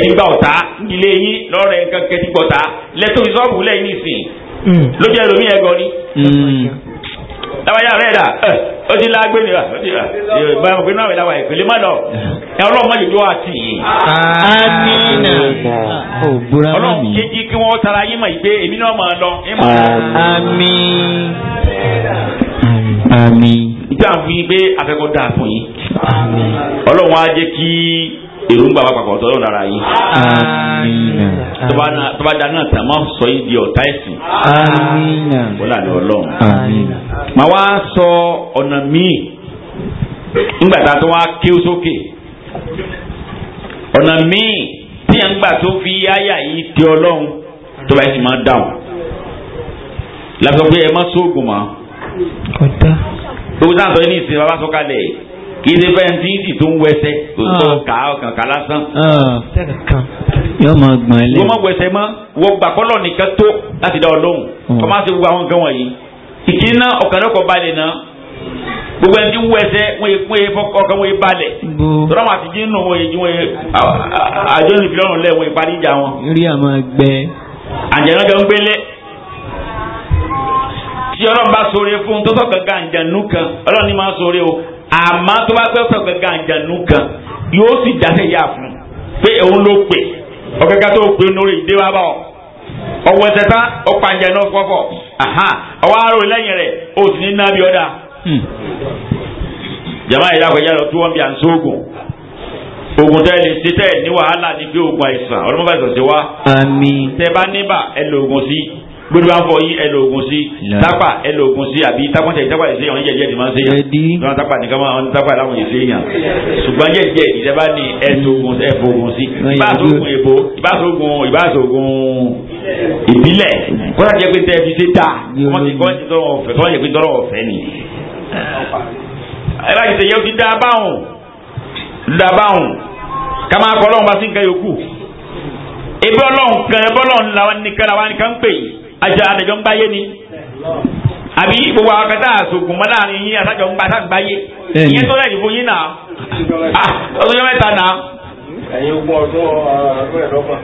ẹ̀yin gba ọ̀tá ilé yín lọ́rẹ̀ nǹkan kẹtí gbọ̀tá lẹ́tọ̀ ìsọ́ọ̀bù lẹ́yìn nìsín hmm. lójú ẹlòmí ẹ̀ gan ni. Hmm. lábàjá rẹ̀ dà ó ti la gbé nira ó ti la bá a gbé náà wẹ̀lá wa ìpele má lọ ẹ ọlọ́run máa jòjó àti yìí. amina ọlọ́run kéjì kí wọ́n tara yín mọ̀ ìgbé èmi náà máa lọ. àmín àmín. ìjà ń fi pé afẹ́kọ̀ọ́ dáa fún yín ọlọ́run á jẹ́ kí èròǹgbà wa papọ̀ tọ́lọ́ nara yín. tọ́ba dáná tán máa sọ yín di ọ̀tá ẹ̀sìn. wọ́n lànà ọlọ́run. mà wá sọ ọ̀nà míì ńgbà tá a tó wá ké sókè ọ̀nà míì tí yẹn ń gbà tó fi yáyà yìí di ọlọ́run tó bá yẹn ti máa dáhùn. lásán pé ẹ má sóògùn mọ́. gbogbo sáà sọ yín ní ìsìn bàbá sọ kalẹ̀ yìí kì í ṣe fẹ́ tí ìdì tó ń wẹsẹ̀ tó ah. kà á kàn kà lásán. Ah. yóò máa gbọ̀n ilé. wọ́n máa wẹsẹ̀ mọ́ wọ́n gbà kọ́lọ̀ nìkan tó láti dá ọ lóhùn wọ́n hmm. máa ṣe gbogbo àwọn nǹkan wọ̀nyí. ìkíni náà ọ̀kan náà kọ́ balẹ̀ náà gbogbo ẹni tí ń wẹsẹ̀ wọ́n yé ọkàn wọ́n yé balẹ̀. tọ́lá wọn àti jínú wọn yé wọn yé àjọ ìfìlọ́run lẹ̀ wọ́n yé parí ìjà wọn. rí àmọ́ gbẹ. àjẹnú jọ ń gbélé tí ọlọ́run bá sọ̀rọ̀ fún tó tọ́ kankan àjẹnú kan ọlọ́run ni máa sọ̀rọ̀ o àmọ́ tó bá pẹ́ pẹ́ gẹ́gẹ́ àjànú kan yóò sì dáṣẹ́ yá fún pé òun ló pè ọ̀gẹ́gẹ́ tó pè lórí ìdè wa bọ̀ ọwọ́ ẹ̀tẹ̀ta ọ̀pá àjànú fọ́fọ́ ọwọ́ àrò lẹ́yìn rẹ̀ ó sì ní nábì ọ̀dà. jama yìí lákòjá lọ tí wọ́n bí à ń sóògùn oògùn tẹ́ lè ṣe tẹ́ ní wàhálà ní pé oògùn àìsàn ọlọ́mọba ìsọ̀sẹ̀ wa. àmín. tẹ́ bá níbà ẹ lo oògùn sí gbogbo afọ yín ẹ lo oògùn sí tápà ẹ lo oògùn sí àbí tápọ̀tẹ̀ tápà ìṣe àwọn jẹjẹ ni máa ń ṣe yàn lọ́nà tápà nìkan máa ń tápà láwọn ìṣe yàn ṣùgbọ́n jẹjẹ ìjẹba ni ẹ lo oògùn ẹ fo oògùn sí ìbáṣoògùn èbó ìbáṣoògùn ìbáṣoògùn ìbílẹ̀ kọ́nà jẹ́ pé tẹ́ẹ̀ fi ṣe tà wọ́n ti kọ́ tọrọ ọ̀fẹ́ tọ́wọ́n jẹ́ pé tọrọ ọ̀fẹ́ ni. ẹ bá ti ṣe yẹ o ti dáa báwọn dáa báwọn ká máa kọ́ ọlọ́run bá sí nǹkan yòókù ebi ọlọ́run kan ẹbí ọlọ́run làwọn nìkan làwọn nìkan ń àjọ àtẹjọ ń gbáyé ni àbí gbogbo àwọn kẹta àsògùn mọ́ láàrin yín àtàjọ ń gbáyé gbáyé ìyẹn tó lẹ́yìn fún yín náà ọdún mẹ́ta náà. ẹ̀yin ogún ọdún ọdún ẹ̀dọ́gbọ̀n.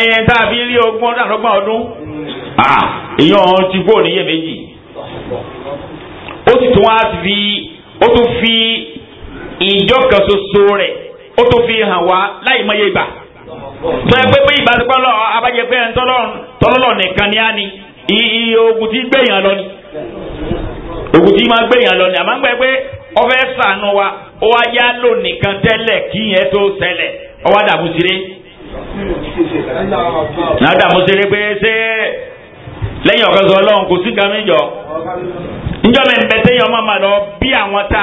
ẹ̀yin tá a fi rí ogún ọdún àdọ́gbọ̀n ọdún ìyẹn ti kó níyẹn méjì ó ti tún wá fi ó tún fi ìjọ kan ṣoṣo rẹ̀ ó tún fi hàn wá láì mọye gbà. tó ẹ pé bí ìbáṣepọ̀ lọ abájẹ pé ẹni tọ́lọ́lọ́ nìkan ni a ni iye ogun ti lọ ni ogun máa lọ ni àmọ́ ń gbẹ sànù wa ó wá yá lò nìkan tẹ́lẹ̀ kí yẹn tó ṣẹlẹ̀ ọwọ́ dàbò síre náà dàbò pé ṣé lẹ́yìn ọ̀kan sọ kò sí gami jọ lọ bí àwọn tá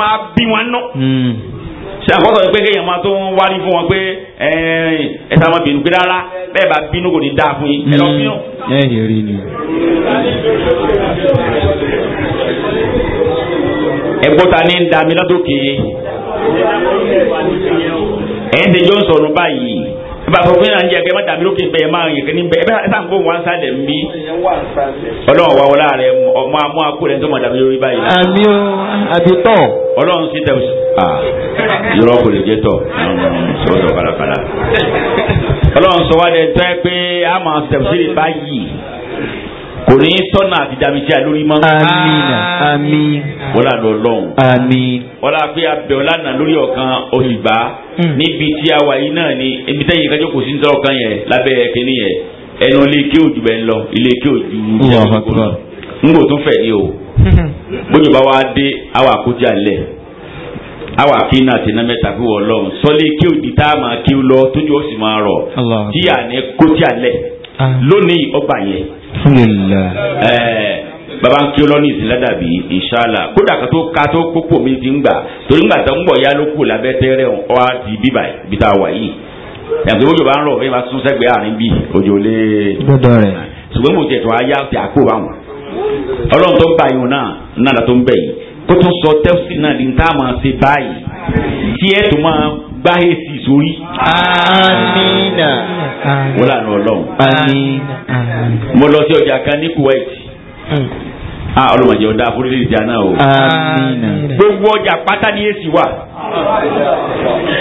a ṣe àkọsọ pé kéèyàn máa tó ń wárí fún wọn pé ẹ sá bínú pé rárá bẹ́ẹ̀ bá bínú kò ní dáa fún yín ẹ lọ bínú. ẹyìn rí ni. ẹgbọ́n ni ń da mi lọ́dọ̀ kéé ẹ̀ ń ṣe jọ́ ń sọ̀rọ̀ báyìí bàbá òfin náà ń jẹ kẹ má dàbí lókè bẹ́ẹ̀ máa yẹ kẹ ní bẹ́ẹ̀ bẹ́ẹ̀ sàn kó wọn sálẹ̀ mí. ọlọ́run wa wọlé ààrẹ ọmọ amú akó rẹ̀ ń tọ́ mọ̀ dàbí lórí báyìí. àmì o àbí tọ̀. ọlọ́run sì tẹ̀ yọrọ kò lè jẹ́ tọ̀ sọ̀rọ̀ kàlàkàlà. ọlọ́run sọ wá dẹ̀ tọ́ pé a máa tẹ̀ sí báyìí. kò ní tọ́nà àti damisẹ́ lórí mọ́. àmín àmín. wọ́lá lọ lọ́hùn. àmín. wọ́lá abẹ́ lórí ọ̀kan hmm. níbi tí a wà yìí náà ni ibi tẹ́yìn kò sí ní yẹn lábẹ́ kínní ike bẹ́ẹ̀ ń lọ ilé ike òjò ń tún fẹ̀ o. bójú bá wa dé àwọn àkójọ àwọn àfihàn àti iná mẹ́ta ike tá a máa lọ tójú ó sì máa rọ̀ alhamdulilayi. ẹẹ baba ń kí ọlọ́ni ìsìn ládàbí ìṣáàlà kódà ká tó ká tó pópó mi ti ń gbà torí ńgbà tó ń bọ̀ yá ló kù lábẹ́ tẹ́rẹ̀ ọ́ á ti bíbà ibi tá a wà yìí yàtọ̀ ìwé yorùbá ń rọ̀ fún yàrá sún sẹ́gbẹ̀ẹ́ àárín bíi òjò lé. gbọ́dọ̀ ṣùgbọ́n mo jẹ̀tọ̀ ayé àti àpò báwọn. ọlọ́run tó ń bá yìí náà náà tó ń bẹ̀ yìí kó tó sọ tẹ́sí náà ní tá a máa ṣe báyìí tí tó máa gba èsì sórí. amiina. wọ́n lànà ọlọ́run. amiina. mo lọ sí ọjà kan ní Kuwait. a ah, ọlọ́mọdé ọ̀dà àforílẹ̀ ìjà náà o. amiina. gbogbo ọjà pátá ní èsì wà.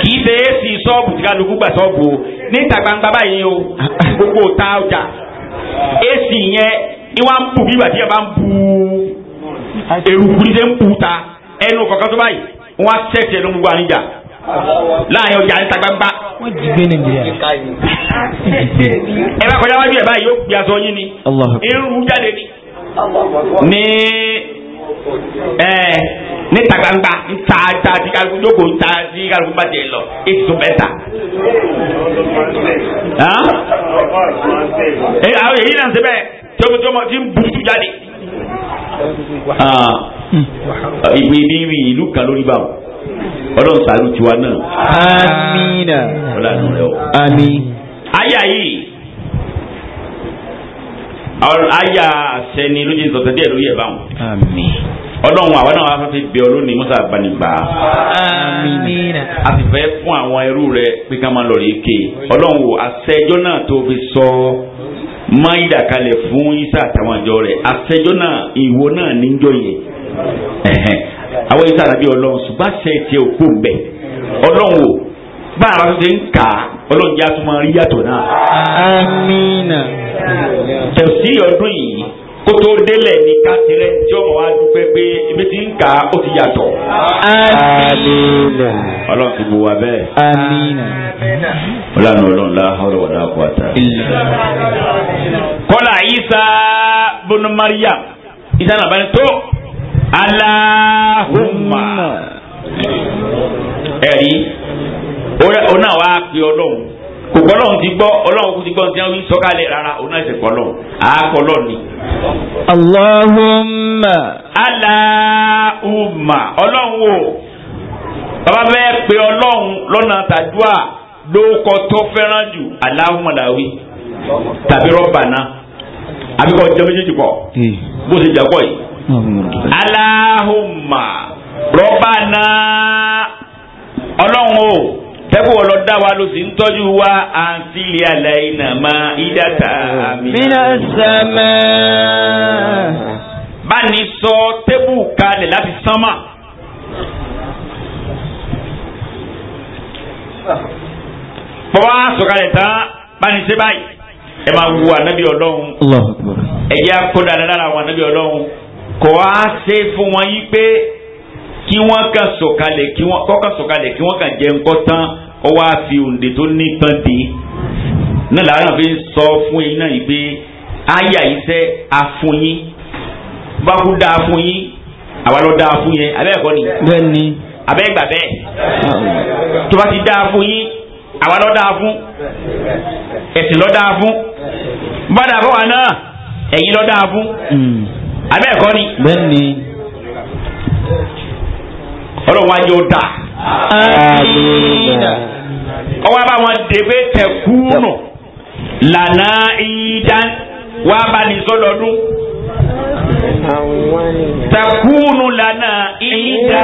kì í ṣe èsì sọ́ọ̀bù tí kálukú gbà sọ́ọ̀bù o níta gbangba báyìí o gbogbo ta ọjà èsì yẹn ìwà ń bu bí tí yẹn bá ń bu èrùkú ní ṣe ń bu ta ẹnu kọ̀ọ̀kan tó báyìí wọ́n á ṣẹ̀ṣẹ̀ ló ń àníjà láàrin ọjà níta gbangba. wọ́n ti gbé nàìjíríà. ẹ bá kọjá wájú ẹ báyìí yóò gbé aṣọ yín ni irú jáde ni ní ẹ níta gbangba níta ta ti kálukú jókòó níta ti kálukú bá tiẹ̀ lọ èsì tó bẹ́ẹ̀ ta. ẹ àwọn èyí náà ń ṣe bẹ́ẹ̀ tóbi tó ti ń bùtù jáde. Hmm. ìpínlẹ̀ ìlú kan lórí báwo. ọlọ́run sàánú tiwa náà. amiina. ọlọ́run aya yìí aya sẹni ló jẹ díẹ̀ lórí ẹ báwọn. ọlọ́run àwa náà wàá ọ lónìí musa a sì fẹ́ fún àwọn ẹrú rẹ pé ká máa lọ rí ike ọlọ́run wo àṣẹjọ́ náà tó fi sọ. kalẹ̀ fún isa àtàwọn àjọ rẹ̀ àṣẹjọ́ náà ìwo náà níjọ àwọn yìí sànàbí ọlọ́run ṣùgbọ́n àṣẹ tiẹ̀ ò kó mbẹ̀ ọlọ́run o bá àwọn ṣe ń kà á ọlọ́run jẹ́ àtúmọ̀ rí yàtọ̀ náà. amina. tẹ̀sí ọdún yìí kó tó délẹ̀ ní kátìrẹ́ tí ọmọ wa dúpẹ́ pé ibi tí ń kà á ó ti yàtọ̀. amina. ọlọ́run ti bu wa bẹ́ẹ̀. amina. ọlọ́run ọlọ́run la hawla wala quwwata. kọ́lá isa bunu mariam isa nàbẹ́ni tó. aláhùnmá ẹ̀rí òun wa pe ọlọ́run kò gbọ́ ti gbọ́ ọlọ́run kò ti gbọ́ ti sọ́kalẹ̀ rárá òun náà ṣẹ̀kọ́ àákọ́ lọ́run ni. aláhùnmá. aláhùnmá ọlọ́run o bàbá bẹ́ẹ̀ pe ọlọ́run lọ́nà tàdúà lóko tó fẹ́ràn jù aláhùnmá làwí tàbí rọ́bà náà àbíkọ́ méjèèjì pọ̀ hmm. aláhùnmá rọ́bà ọlọ́run o tẹ́kù wọ́n dá wa ló sì ń tọ́jú wa ilé àlàyé náà máa àmì. sẹ́mẹ́. bá sọ kalẹ̀ láti sánmà. bọ́wá sọ̀kalẹ̀ tán bá ní ṣe báyìí ẹ máa wu ànábì ọlọ́run ẹ jẹ́ kò á ṣe fún wọn yí pé kí wọ́n kàn sọ̀kalẹ̀ kí wọ́n kọ́kàn sọ̀kalẹ̀ kí wọ́n kàn jẹ́ ńkọ́ tán ọ wá fi òǹdè tó nítan dé náà làárọ̀ fi ń sọ fún yín náà yìí pé àyà iṣẹ́ àfúnyín bá kú dáa fún yín àwa lọ dáa fún yẹn ni. bẹ́ẹ̀ni. abẹ́ bẹ́ẹ̀ tó bá ti dáa fún àwa lọ dáa fún ẹ̀sìn lọ dáa fún bá dàbọ̀ wà náà ẹ̀yin lọ dáa fún. Hmm abẹ́ ẹ̀kọ́ ni. bẹ́ẹ̀ni. ọlọ́wọ́ ajé ó dà. ọwọ́ bá wọn dèbè tẹ̀kúnù lànà ìdá wà bá ní sọdọọdún. tẹ̀kúnù lànà ìdá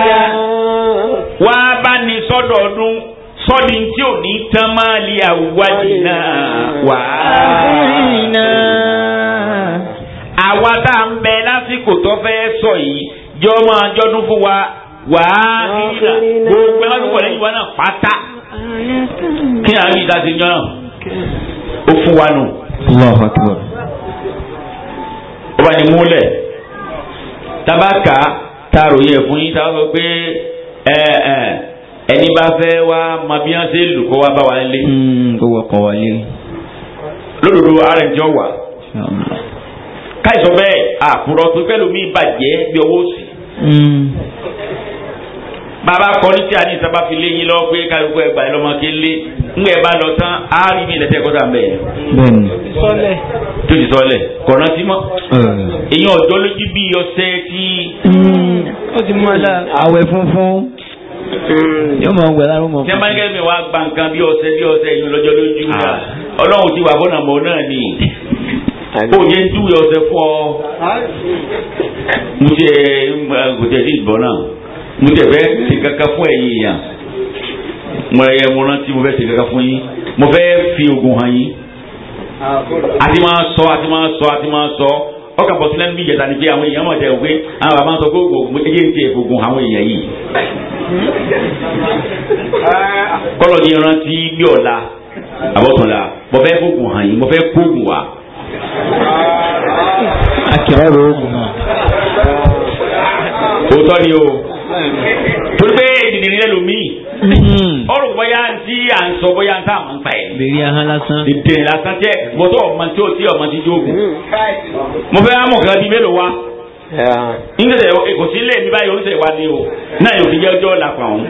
wà bá ní sọdọọdún sọ́ni tí ò ní tán máa lé àwùwádìí náà wà àwa tá à ń bẹ lásìkò tó fẹ́ sọ yìí jọ máa jọdún fún wa wàá kíkìlà gbogbo ẹgbẹ́ pọ̀ lẹ́yìn wa náà pátá kí ni àwọn ìdásí jọ ó fún wa nù. ó bá ní múlẹ̀ tabaka taaro yẹ fún yín táwọn sọ pé ẹ ẹ ẹni bá fẹ́ wá mọ bí wọ́n ṣe lù kó wá bá wa lé. Hmm, lódodo ara ìjọ wà káìsọ bẹ́ẹ̀ àkùrọ̀ pé pẹ́lú mi bàjẹ́ bí owó hmm. sí. bàbá kọ́ni tí a ní sábà fi lé yín lọ pé kálukú ẹgbà ẹ lọ́mọ kí lé ńgbà ẹ bá lọ tán á rí mi lẹ́tẹ̀ kọ́ta bẹ́ẹ̀. bẹ́ẹ̀ni sọlẹ̀. tó ti sọlẹ̀ kọ̀ọ̀nà sí mọ́. èyí ọ̀dọ́ lójú bí ọ̀sẹ̀ tí. Hmm. ó ti mú ọjà àwẹ̀ funfun hmm. yóò mọ wẹ lárúmọ. tí a bá ní kẹ́kẹ́ mi gba nǹkan bí ọ̀sẹ̀ bí ọ̀sẹ̀ ìlú lọ́jọ́ lójú ah. ọlọ́run ti wà fọ́nà mọ́ náà ni bó o yẹ ń júwe ọsẹ fọ mo tẹ mo tẹ sí ìbọn náà mo tẹ fẹ́ ṣe kankan fún ẹ̀yin yàn mo ẹ mo rántí mo fẹ́ ṣe kankan fún yín mo fẹ́ fi oògùn hàn yín àti máa sọ àti máa sọ àti máa sọ ọkà bọ̀ sílẹ̀ níbi ìjẹta ni pé àwọn èèyàn mọ̀ tẹ̀ wípé àwọn bàbá sọ pé oògùn ẹyẹ ń ti oògùn àwọn èèyàn yìí kọ́lọ̀ ní rántí bí ọ̀la àbọ̀túnla mo fẹ́ kóògùn hàn yín mo fẹ́ kóògùn wá akẹ́rọ̀ rẹ̀ oògùn náà. òótọ́ ni o torí pé ìdìrí rẹ lomi ọrùn bóyá tí à ń sọ bóyá tá à máa ń pa ẹ̀. bèrè ahọ́n lásán. ìdè lásán jẹ́ bọ́tọ̀ ọmọ tí ó ti ọmọ ti jókòó. mo fẹ́ amọ̀kan bíi mélòó wa nígbà tí kò sí ilé mi báyìí oníṣẹ́ ìwádìí o náà yóò fi jẹ́ ọjọ́ ọ̀la pa òun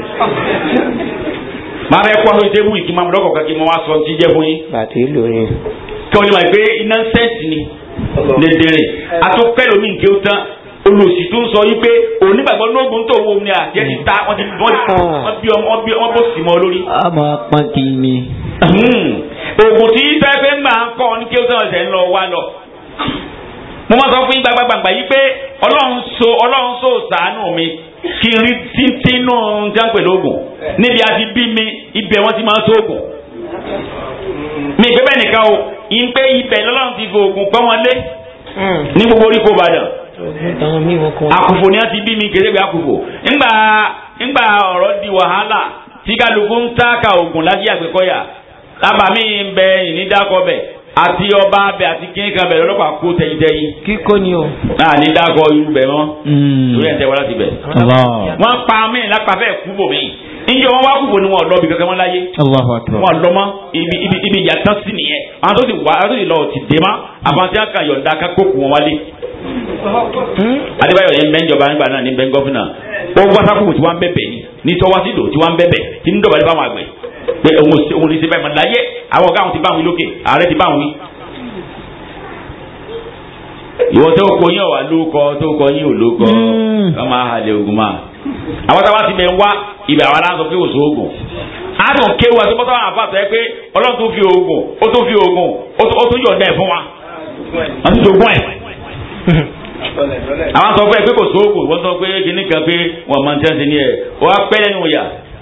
màá bẹ kó aṣọ ìdébù yìí kí n máa lọ́kọ̀ wá sọ ti jẹ́ fún yín. bàtí ló kí wọ́n ní wàá pé iná sẹ́ǹsì ni lédèrè àtúkẹ́lò mi nké tán olùsí tó ń sọ yí pé onígbàgbọ́ lóògùn tó wo ni àjẹ́ ti ta wọ́n ti wọ́n ah. bí bí wọ́n bó sì mọ́ lórí. a máa pọn kí ni. Hmm. oògùn tí fẹ́fẹ́ máa ń kọ́ ní kí ó sọ̀rọ̀ sẹ́ ń lọ wá lọ. mo máa sọ fún yín gbagbàgbàgbà yìí pé ọlọ́run so ọlọ́run so sàánù mi kí n rí n'ogun jáǹpẹ̀ lóògùn níbi àti bí ti máa ń sóògùn. mi bẹ́ẹ̀ nìkan o yín pé ibẹ̀ lọ́lọ́run ti fi oògùn pọ́n wọn lé hmm. ní gbogbo orí kó Ìbàdàn. àkùfò ni wọ́n ti bí mi kérégbé àkùfò ńgbà ńgbà ọ̀rọ̀ di wàhálà tí kálukú àti ọba abẹ àti kíni kan bẹ lọ́lọ́pàá kó tẹyintẹyin. kíkó ni o. a ní dákọ irú bẹ mọ. lórí hmm. ẹ̀ ń tẹ wọ́n láti bẹ̀. wọ́n pa mí lápá bẹ́ẹ̀ kú bò mí. njẹ́ wọ́n wá kúbò ni wọ́n lọ bí kankan mọ́ láyé. wọ́n lọ mọ́ ibi ibi ibi ìyàtọ̀ sí nìyẹn. àwọn tó ti wà àwọn tó ti lọ ti dé mọ́ àwọn tí wọ́n kà yọ̀ǹda ká kókù wọn wálé. Hmm? adébáyọ̀ yẹn bẹ́ńjọba nígbà náà ní bẹ́ńgọ́fínà ó wásápù tí tí wọ́n bẹ̀bẹ̀ tí pé òun òun lè ṣe báyìí mọ̀láyé àwọn ọ̀gá àwọn ti bá àwọn lókè ààrẹ ti bá àwọn yìí. ìwọ tó kọ yín ọ̀wà ló kọ tó kọ yín ò ló kọ hmm. wọ́n máa halẹ̀ ogun máa. àwọn táwa ti bẹ̀ ń wá ibẹ̀ àwọn aláǹsọ pé òṣù oògùn a dùn kéwu àti bọ́tà àwọn àbá sọ pé ọlọ́run tó fi oògùn ó tó fi oògùn ó tó yọ̀ọ̀dá fún wa wọ́n ti dogun ẹ̀ àwọn sọ pé kò sóògùn wọ́n sọ pé kíní pé wọ́n máa ń tẹ́sí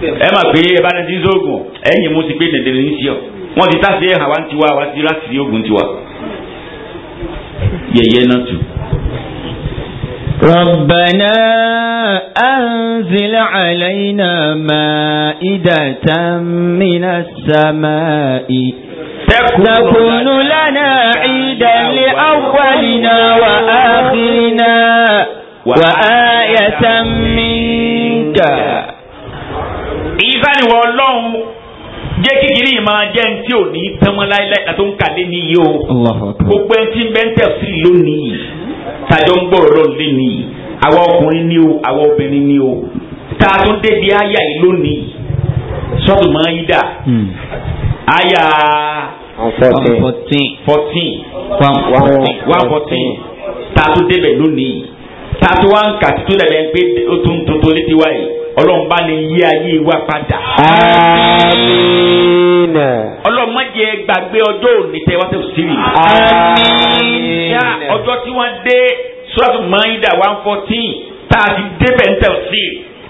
ẹ mà pé ẹ sóògùn ẹ̀yìn mo ti pé dèdè ní sí wọn ti tá sí ẹ hàn wá ń tiwa láti sí oògùn tiwa yẹyẹ náà tù. ربنا أنزل علينا مائدة من السماء تكون لنا عيدا لأولنا وآخرنا وآية منك ìfisani wọ ọlọ́run jẹ́ kíkiri yìí máa jẹ́ ntí ò ní tẹ́mọ́ láíláí àti òun kàlẹ́ níyì o gbogbo ẹntì bẹ́ńtẹ̀ sí lónìí tàjọ ń gbọ́ ọ̀rọ̀ lónìí àwa ọkùnrin ni o àwa obìnrin ni o tá a tún débi àyà yìí lónìí sọ́ọ̀tù máa yí àyà fourteen one fourteen tá a tún débẹ̀ lónìí tá a tún wá ń kà títún lẹ́lẹ́ pé ó tún tuntun létí wáyé ọlọ́run lè yí ayé wa padà. àmín. ọlọ́run má gbàgbé ọjọ́ òní tẹ́ wá òsìrì. àmín. ọjọ́ tí wọ́n dé sọ́dọ̀ mọ́ídà one fourteen tá a ti débẹ̀ ń tẹ̀ sí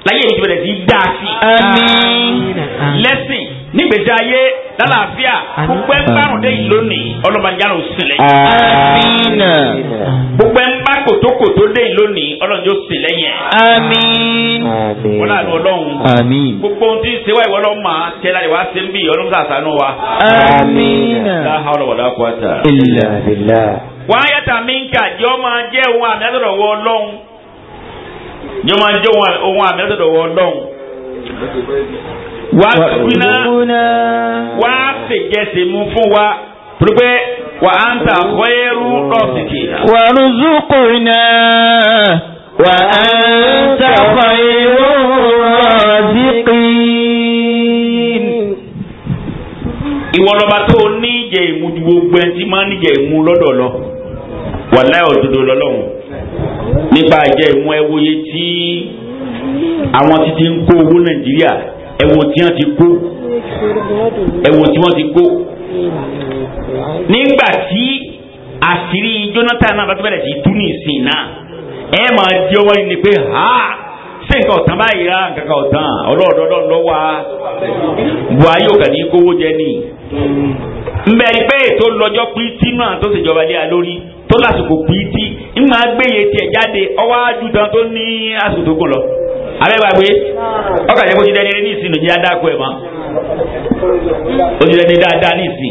láyé ìjọba rẹ̀ ti dá a sí. àmín. lẹ́sìn nígbèjà ayé lálàáfíà gbogbo ẹ̀ ń bárùn dé yìí lónìí ọlọ́run ń yára òsìlẹ̀. àmín. gbogbo ẹ̀ ń kòtòkòtò dé lónìí ọlọ́run yóò lẹ́yìn ẹ̀. àmín. wọ́n láàánú ọlọ́run. gbogbo ohun tí ń ṣe wá ìwọ lọ́ọ́ mà á tẹ́lá ìwà ṣe ń bì ọlọ́run sàṣánú wa. àmín. láhà ọlọ́wọ́dà kọ́ta. ilà ilà. wọ́n á yàtà mí nkà jẹ́ ọ máa ohun àmì àtọ̀dọ̀ wọ ọlọ́run. jẹ́ ọ máa ohun àmì àtọ̀dọ̀ wọ ọlọ́run. wàá gbóná wàá fèjẹsẹ̀ mú fún wa pé وأنت خير khairu rafiqina. warzuqna خير anta khairu rafiqin. ìwọ lọba بنتي níjẹ ìmúdu مولو ẹ ti máa níjẹ ìmú lọ́dọ̀ lọ wàláì òdodo lọ́lọ́run nípa ìjẹ ìmú ẹwòye tí àwọn ti ti ń kó owó nàìjíríà ẹwò tí wọ́n ti kó ẹwò tí wọ́n ti kó nígbà asiri àṣírí Jonathan náà bá bẹ̀rẹ̀ sí tú ìsìn ẹ máa di ọwọ́ yìí ni ha ṣé nǹkan ọ̀tán báyìí rà nǹkan ọ̀tán ọlọ́ọ̀dọ́ lọ́wọ́ a Buhari ò kàn ní kówó jẹ ni mberi pé ètò lọ́jọ́ pín náà tó ṣèjọba lé a lórí tó lásìkò ń máa tiẹ̀ jáde ọwọ́ tó ní kó ti ní ìsìn lòdì dáadáa kó ẹ̀ mọ́ ó ti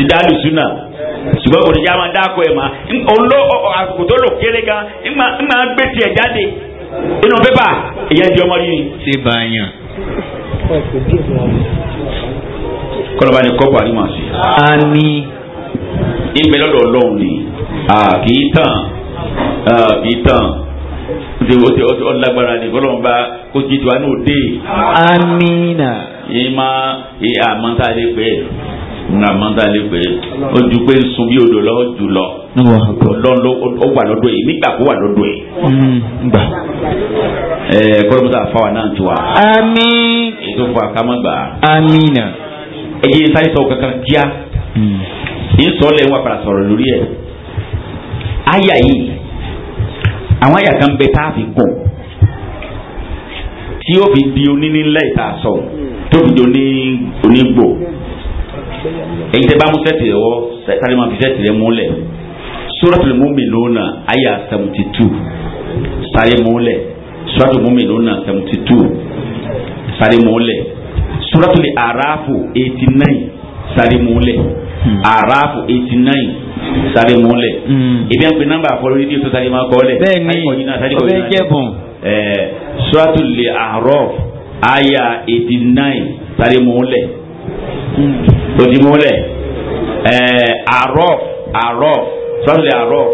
dídálù súnà ṣùgbọ́n kò ní já máa dáko ẹ̀ máa ńlọ àsìkò tó lò kéré gan ńmà gbé tiẹ̀ jáde inú pépà ìyẹn di ọmọdé ni. ṣé báyàn. kọlọba ni kọ́pù àdìmọ̀ sí. àmín. ìgbẹ́ lọ́dọ̀ ọlọ́run ni kì í tàn kì í tàn o ti ọlágbára ni kọlọ́run bá kó jíjọ àánú dé. àmín. ìmọ̀ àmọ́ta lè pẹ́. na mọ́tàlẹ́ pé o pé ń sun bí ju lo jù lọ ó wà lọ́dọ̀ yìí nígbà kó wà lọ́dọ̀ yìí. ẹ kọ́lọ́mọ́tà fáwọn náà ti wà. àmín. ètò fún akámọ́gbà. àmín. ẹ jẹ́ sáré sọ kankan kíá. ìsọ̀lẹ̀ wà padà sọ̀rọ̀ lórí ẹ̀. àyà yìí àwọn àyà kan bẹ tá a fi gùn tí fi di onínílẹ̀ ìta tó fi èyí tẹ́ bá mú sẹ́ẹ̀tì rẹ̀ wọ́ sáré máa fi sẹ́ẹ̀tì rẹ̀ múlẹ̀ suratul mu'minuna àyà seventy two sáré múlẹ̀ suratul mu'minuna seventy two sáré múlẹ̀ suratul arafu eighty nine sáré múlẹ̀ hmm. arafu eighty nine sáré múlẹ̀ hmm. ebi à ń pè nọ́mbà àfọlọ́ rédíò tó sáré máa kọ́ lẹ̀ bẹ́ẹ̀ni ọbẹ̀ jẹ̀bùn suratul araf àyà eighty nine sáré múlẹ̀. Hmm lójúmọ́lẹ̀ ẹ̀ẹ́ àárọ̀ àárọ̀ sọ́tòlẹ̀ àárọ̀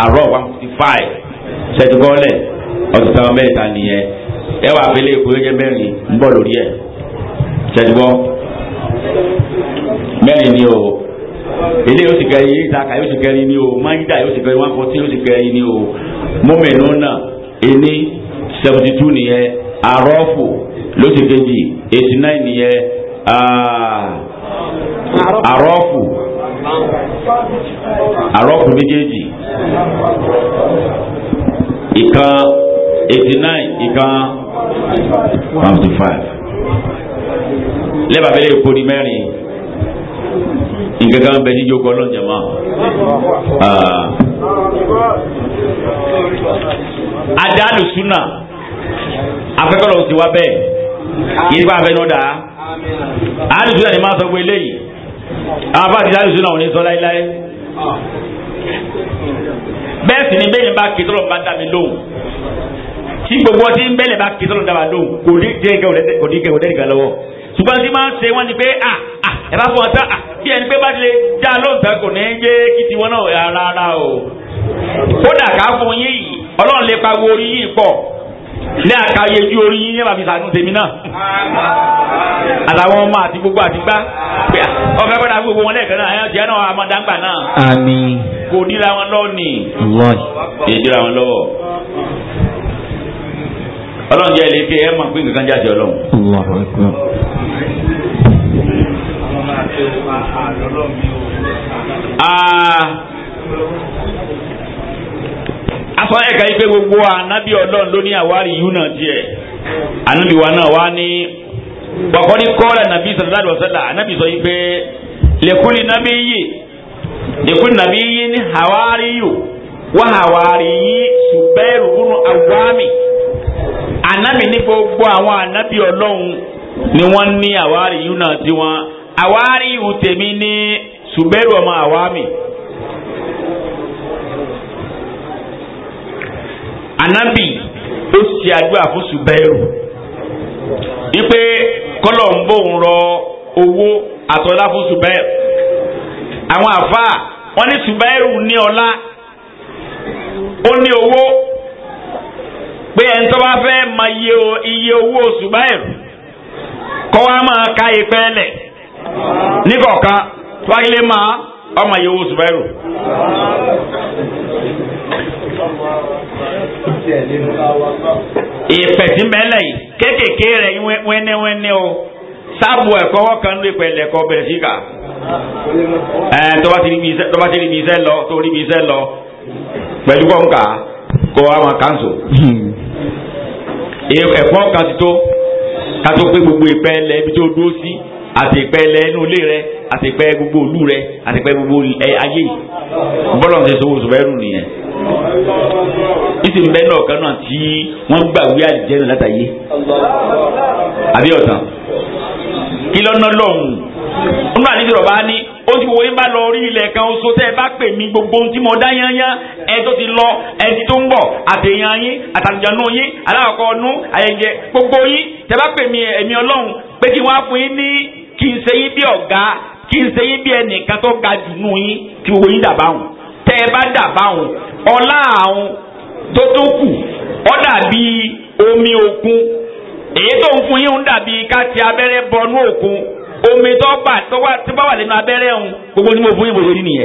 àárọ̀ one fifty five ṣẹ́tùkọ́lẹ̀ ọ̀sẹ̀ táwọn mẹ́ta nìyẹn ẹ wà abẹ́lé epo ẹ̀jẹ̀ mẹ́rin ń bọ̀ lórí ẹ̀ ṣẹ́tùkọ́ mẹ́rin ni o ilé yóò ti kẹrin yìí ìtaka yóò ti kẹrin ni o máyídà yóò ti kẹrin one forty yóò ti kẹrin ni o mọ́mẹ́nu náà ẹni seventy two nìyẹn arọ́fù lóṣù di. eighty nine nìyẹn Ah. àrọ́pù àrọ́pù méjèèjì ìkan eighty nine ìkan fifty five lẹ́bàá bẹ́lẹ̀ èkó ni mẹ́rin nǹkan kan bẹ níjó kọ́ lọ́njà mọ́ ah. àdánù súnà afẹ́kọ̀ọ́ lọ́wọ́ ti wá bẹ́ẹ̀ yìí bá a fẹ́ nọ́ dáa àlùsùn náà ni máa sọ pé eléyìí àwọn bá ti àlùsùn náà ò ní sọ láéláé bẹ́ẹ̀ sì ni bẹ́ẹ̀ bá kí tọ́lọ̀ bá dá mi lóhùn tí gbogbo ọtí ń bẹ́lẹ̀ bá kí tọ́lọ̀ dá wa lóhùn kò ní kẹ́ kò ní kẹ́ kò dẹ́nìkan lọ́wọ́ ṣùgbọ́n tí máa ń ṣe wọ́n ni pé à à ẹ bá fún ọ tá à bí ẹni pé bá ti lè dá lóòótọ́ kò ní yé kí tiwọn náà rárá o kódà ká yín yìí ọlọ́run lè pa wo orí yìí pọ̀ ní àkàyè ju orí yín yẹn bàbí sànú tèmi náà àtàwọn ọmọ àti gbogbo àtìgbà ọfẹ bọdà gbogbo wọn lẹ́ẹ̀kan náà ẹyàn jẹ náà àmọdàgbà náà àmín kò dira wọn lọ ni kò dira wọn lọ́wọ́ Ọlọ́run jẹ ilé pé ẹ mọ̀ pé nǹkan jáde Ọlọ́run. aa sọ ẹ̀ka yìí pé gbogbo ànábì ọlọ́run ló ní àwárí yìí náà tiẹ̀ ànábì wa náà wá ní wàkọ́ni kọ́ra nàbí sallallahu alaihi wasallam ànábì sọ yìí pé lẹ́kùnrin nàbí yìí lẹ́kùnrin nàbí yìí ní àwárí yìí wá àwárí yìí Zubairu bunu Awami ànábì ní gbogbo àwọn ànábì ọlọ́run ni wọ́n ní àwárí yìí náà tiwọn àwárí yìí tèmi ní Zubairu ọmọ Awami. ànábì ó ṣe àdúrà fún ṣùbẹ́rù wípé kọ́lọ̀ ń bò ń rọ owó àtọ́lá fún ṣùbẹ́rù àwọn àfáà wọ́n ní ṣùbẹ́rù ní ọlá ó ní owó pé ẹni tó bá fẹ́ iye owó kọ́ wa ka ìpẹ́ lẹ̀ níkọ̀ọ̀kan tó wáyé máa ọmọ iye ìpè tí mẹ́lẹ̀ yìí kéékèèké rẹ̀ wẹ́nẹ́wẹ́nẹ́ o sáàbù ẹ̀kọ́ wọ́n kan lè pẹ̀lẹ́ kọ́ bẹ̀rẹ̀ sí kà ẹ̀ tó bá ti rí mi iṣẹ́ lọ tó rí mi iṣẹ́ lọ pẹ̀lú kọ́ńkà kó àwọn kanṣu ẹ̀kọ́ kan ti tó ká tó pé gbogbo ìpẹ́ lẹ́bi tó dúró sí àtìpẹ́ lẹ inú ilé rẹ àtìpẹ́ gbogbo òlú rẹ àtìpẹ́ gbogbo ayé bọ́lá ń ṣe sọ oṣù bẹ́rù nìyẹn. ìsìn bẹ́ẹ̀ náà kan náà tí wọ́n gbàgbé àjẹnù látàyé àbí ọ̀tàn kí lọ́nà lọ́hùn nínú àdìsọ̀rọ̀ bá ní ó ti wòye bá lọ rí ilẹ̀ kan oṣù tẹ́ ẹ bá pè mí gbogbo ohun tí mo dá yányá ẹ tó ti lọ ẹni tó ń bọ̀ àtẹ̀yàn yín àtàlùjọ́nù yín aláwọ̀kọ́ ọ̀nù àyẹ̀jẹ̀ gbogbo yín tẹ́ bá pè mí ẹ̀mí ọlọ́run pé kí wọ́n á fún yín ní kì í ṣe yín bí ọ̀gá kì í ṣe yín bí ẹnìkan tó ga jù nù yín kí wo yín ẹ bá dàbáhùn ọlá àwọn tó tó kù ọ dàbí omi òkun èyí tó ń fún yín ń dàbí ká ti abẹ́rẹ́ bọnú òkun omi tó gbà tó bá wà abẹ́rẹ́ ọ̀hún gbogbo ni fún yín ní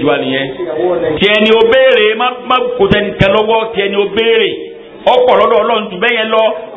tiwa nìyẹn tí béèrè má lọ́wọ́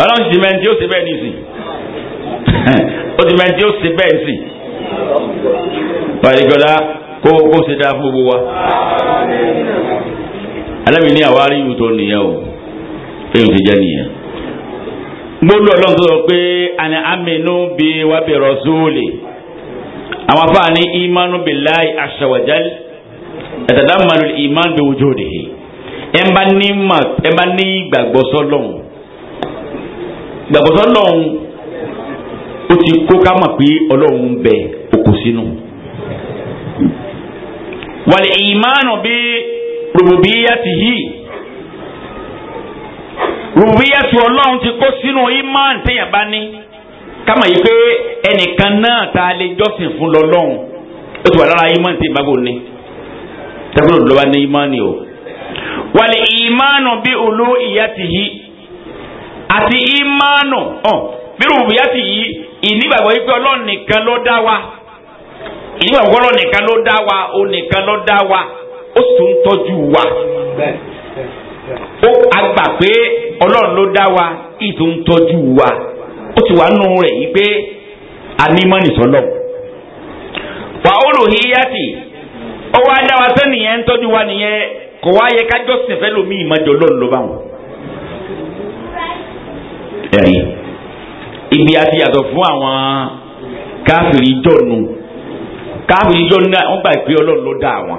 ọlọ́run ti mẹ́ntì ó ṣe bẹ́ẹ̀ ní ìsìn ó ti mẹ́ntì ó ṣe bẹ́ẹ̀ ní ìsìn pàdégọ́lá kó kó ṣe dáa fún gbogbo wa alẹ́ mi ní àwárí yìí tó nìyẹn o èyí ti jẹ́ nìyẹn gbọ́dọ̀ ọlọ́run tó sọ pé àná amínú bíi wábẹ̀ rọ̀ sóòlì àwọn afáàní imanu bilayi asawajal ẹ̀dàdàmàlú iman bi wujudihi ẹ̀ ń bá ní ìgbàgbọ́ sọ́lọ́hún gbàgbọ́sọ́ lọ́hùn ó ti kó ká mọ̀ pé ọlọ́hun ń bẹ òkú sínú. wal ìmánu bí rububiyyatihi rububiyyati ọlọ́hun ti kó sínú ìmán téèyàn bá ní kámọ̀ yìí pé ẹnìkan náà tá a lè jọ́sìn fún lọ́lọ́hun ó ti wà lára ìmán téèyàn bá kò ní tẹ́kọ̀ọ́ lọ́ba ní ìmán o wal ìmánu bí olú ìyá ti yí. àti ìmánu ọ bírò bùyàtì yìí ìnígbàgbọ́ yìí pé ọlọ́run nìkan ló dá wa ìnígbàgbọ́ ọlọ́run nìkan wa ó nìkan ló dá wa ó sì wa ó àgbà pé ọlọ́run ló dá wa ìtò ń tọ́jú wa ó ti wà nù rẹ̀ yìí pé anímọ́nì wà ó lò sẹ́niyẹn ń tọ́jú wa nìyẹn kò kájọ́sìn fẹ́ lómi ẹ̀rí ibi àti yàtọ̀ fún àwọn káfìrí jọ̀nù káfìrí jọ̀nù náà wọ́n gbà pé ọlọ́run ló dá àwọn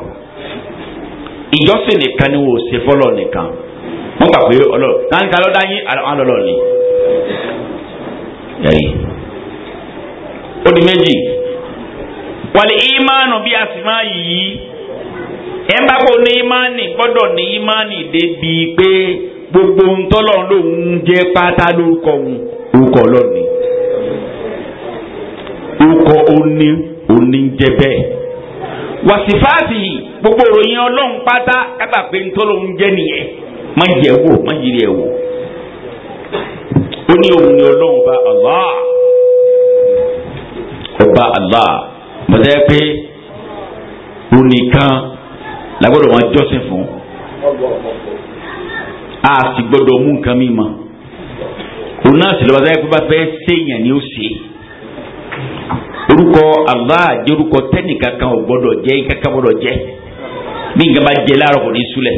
ìjọsìn nìkan ni wò ṣe fọlọ́ nìkan wọ́n gbà pé ọlọ́run táǹkà lọ́dá yín alọ́lọ́ ni ẹ̀rí ó di méjì wàlẹ̀ ìmánu bí a sì máa yìí ẹ̀ ń bá kó ní ìmánì gbọ́dọ̀ ní ìmánì débi pé gbogbo ohun tọ́lọ́run lòun jẹ́ pátá lórúkọ òun orúkọ ọlọ́run ni orúkọ òní òní ń jẹ bẹ́ẹ̀ wàsífáàtì gbogbo òròyìn ọlọ́run pátá kábà pé ń tọ́lọ́run jẹ́ nìyẹn má yẹ wò má yiri ẹ̀ wò ó ní òun ni ọlọ́run bá Allah ọba Allah mọ̀tẹ́ pé òun nìkan làgbọ́dọ̀ wọn jọ́sìn fún a sì gbọ́dọ̀ mú nǹkan mi mọ́ òun náà sì lọ́wọ́ sáyẹ́ pé bá fẹ́ séèyàn ni ó ṣe orúkọ Allah jẹ́ orúkọ tẹ́nìkan kan ò gbọ́dọ̀ jẹ́ nǹkan kan gbọ́dọ̀ jẹ́ bí nǹkan bá jẹ láàárọ̀ kò ní súlẹ̀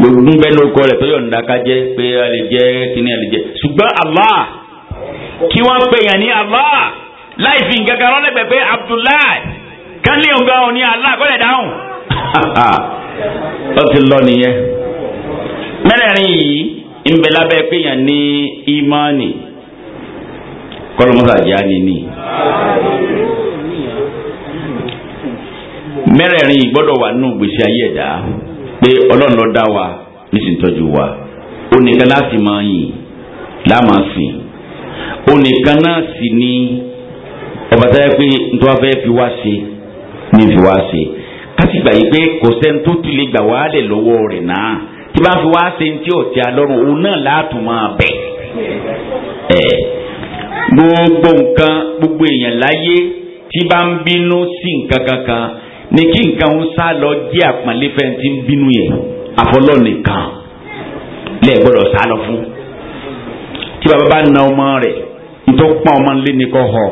gbogbo bẹ́ẹ̀ ló kọ́ rẹ̀ tó yọ̀ǹda ká jẹ́ pé a lè jẹ́ kíní a lè jẹ́ ṣùgbọ́n Allah kí wọ́n pè yàn ní Allah láì fi nǹkan kan rọ́lẹ́gbẹ̀ẹ́ pé Abdullahi kálí òǹgà òní Allah kọ́lẹ̀ dáhùn ó ti lọ nìyẹn. mẹ́rẹ̀ẹ̀rin yìí ń lábẹ́ péyàn ní ìmánì kọ́lọ́mọ́sá jẹ́ ànínì. mẹ́rẹ̀ẹ̀rin yìí gbọ́dọ̀ wà nínú ayé ẹ̀dá pé ọlọ́run dá wa níṣìí tọ́jú wa ó nìkan láti máa yìn láàmà ó nìkan náà ni ọba táyà pé nítorí fi wá ṣe ní fi wá ṣe kásìgbà yìí pé kò sẹ́ni tó ti lè tí bá fi wá ṣe tí ò tí a lọ́rùn òun náà látùn máa bẹ̀. gbogbo nǹkan gbogbo èèyàn láyé tí bá ń bínú sí nǹkan kankan ni kí nǹkan ń sá lọ jẹ́ àpọ́nlé fẹ́ẹ́ tí ń bínú yẹn àfọlọ́ lẹ́ẹ̀ gbọ́dọ̀ sá lọ fún. tí bàbá bá na ọmọ rẹ̀ nítorí pọ́n ọmọ nílé ni kò họ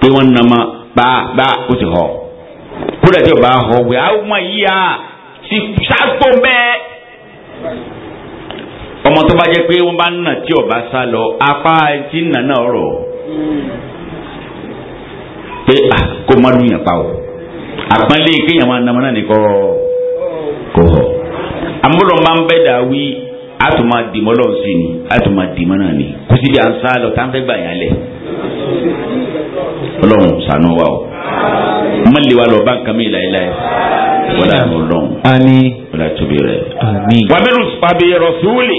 pé wọ́n na bá bá ó ti họ kódà tí o bá họ wẹ̀ á ó mọ ti ṣáàtò bẹ́ẹ̀. ọmọ tó bá jẹ́ pé wọ́n bá nà tí ọba sá lọ apá tí nà náà rọ̀ pé kó má dùn yàn o àpọ́nlé kéèyàn máa nàmọ́ náà ní kọ́ kò họ. àmúlò máa ń bẹ́ dà wí àtùmá dìmọ́ lọ́hùn sí ni àtùmá dìmọ́ náà ni kó síbi à ń sá lọ tá à ń fẹ́ gbà yàn lẹ̀. ọlọ́run ṣàánú wa o mọ̀lẹ́wà lọ bá ń kàmí ìlà ìlà wọlé ọlọ́run àmín wọlé tóbi rẹ. àmín. wà á mẹ́rù pàbí rọ̀súlì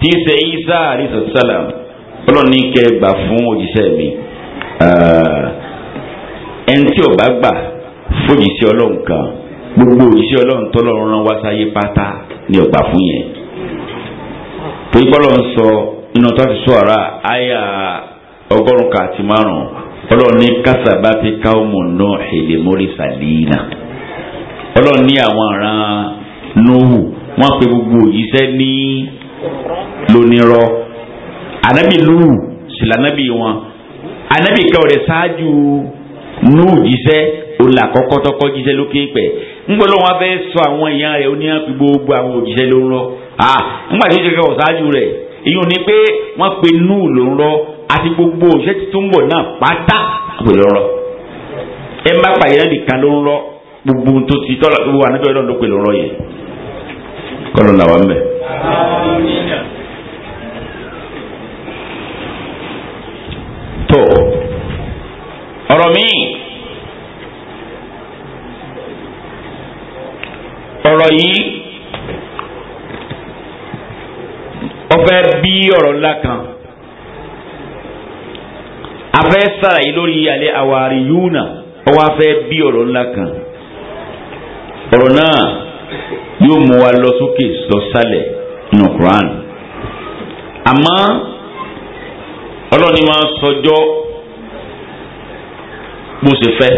tí ń ṣe isa àríṣà sálàm ọlọ́run ní kẹ́ gbà fún òjíṣẹ́ mi ẹni tí ò bá gbà fòjíṣẹ́ ọlọ́run kan gbogbo òjíṣẹ́ ọlọ́run tọ́lọ́run rán wá sáyé pátá ni ọ̀gbà fún yẹn. torí bọ́lọ̀ ń sọ iná tó ti sọ ara àyà ọgọ́rùn-ún kàti márùn-ún ọlọ́run ní kásábà ti káwọn mọ̀ náà èdè mórí sàlìínà ọlọ́run ní àwọn àràn nóhù wọ́n pe gbogbo òjíṣẹ́ ní lónírọ́ ànábì lóhù sì lànábì wọn ànábì kẹwàá rẹ̀ ṣáájú nóhù jíṣẹ́ olè àkọ́kọ́ tọ́kọ́ jíṣẹ́ lókè pẹ̀ ńgbọ́n lọ́wọ́ wọn fẹ́ sọ àwọn èèyàn rẹ̀ ó ní wọn pe gbogbo àwọn òjíṣẹ́ ló ń rọ́ à ńgbà tí ó ṣe kẹwàá ṣáájú rẹ̀ èyí ò ní pé wọ́n pe nóhù ló àti gbogbo òṣìṣẹ́ tuntun bọ̀ náà pátá àpèlè ọ̀rọ̀ ẹ má pàyẹ́ nìkan ló gbogbo tó ti tọ́lá gbogbo ànábẹ́ ọlọ́run ló pè lọ́rọ́ yẹn kọ́lọ́ làwọn mẹ́. tó ọ̀rọ̀ mi ọ̀rọ̀ yìí ọ̀fẹ́ bí ọ̀rọ̀ ńlá kan afẹ́ sàlàyé lórí alẹ́ àwárí yúnà ọwọ́ afẹ́ bí ọ̀rọ̀ ńlá kan ọ̀rọ̀ náà yóò mú wa lọ sókè lọ sálẹ̀ nínú Quran àmọ́ ọlọ́ni máa sọjọ́ bó ṣe fẹ́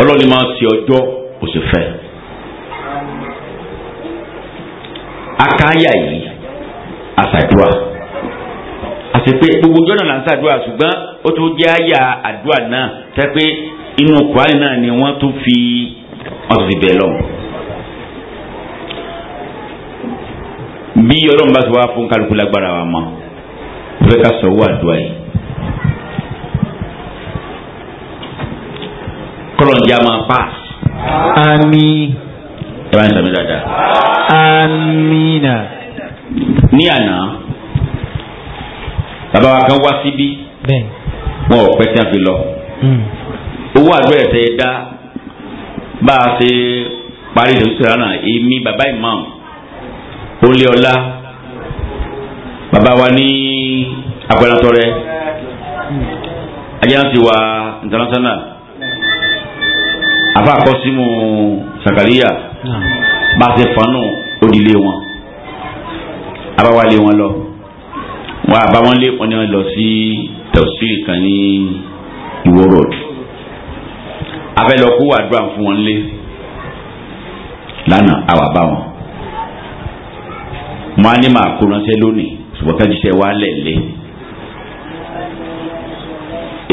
ọlọ́ni máa ṣe ọjọ́ bó ṣe fẹ́ akáyà yìí àṣàdúrà àti pé gbogbo jọ́nà là ń ṣàdúrà ṣùgbọ́n ó tún jẹ́ àyà àdúrà náà tẹ́ pé inú kwari náà ni wọ́n tún fi wọ́n tún fi bẹ́ẹ̀ lọ. bí ọlọ́run bá ti wá fún kálukú lágbára wa mọ́ fẹ́ ká sọ owó àdúrà yìí. kọlọ̀njà máa pass. àmín. ẹ bá ń sàmì dáadáa. àmínà. ní àná bàbá wa kan wá síbí. bẹ́ẹ̀. wọn ò pẹ́ tí a fi lọ. Hmm owó àgbẹ̀ tẹ dá bá a ṣe parí ìdòwú sọ̀rọ̀ náà èmi bàbá imam olè ọlá bàbá wa ní agbẹnatọrẹ ajáǹsì wa international afa akọsimu sakariya bá a ṣe fanu òdìlé wọn abawale wọn lọ wọn àbáwọn wọn ni wọn lọ sí tẹ̀síì kan ní ìwó abẹ́lẹ̀ ọkọ̀ wà dúrà fún wọn lé lánàá àwà bá wọn. mo á ní màá kó ránṣẹ́ lónìí ṣùgbọ́n ká jíṣẹ́ wa lẹ̀lẹ́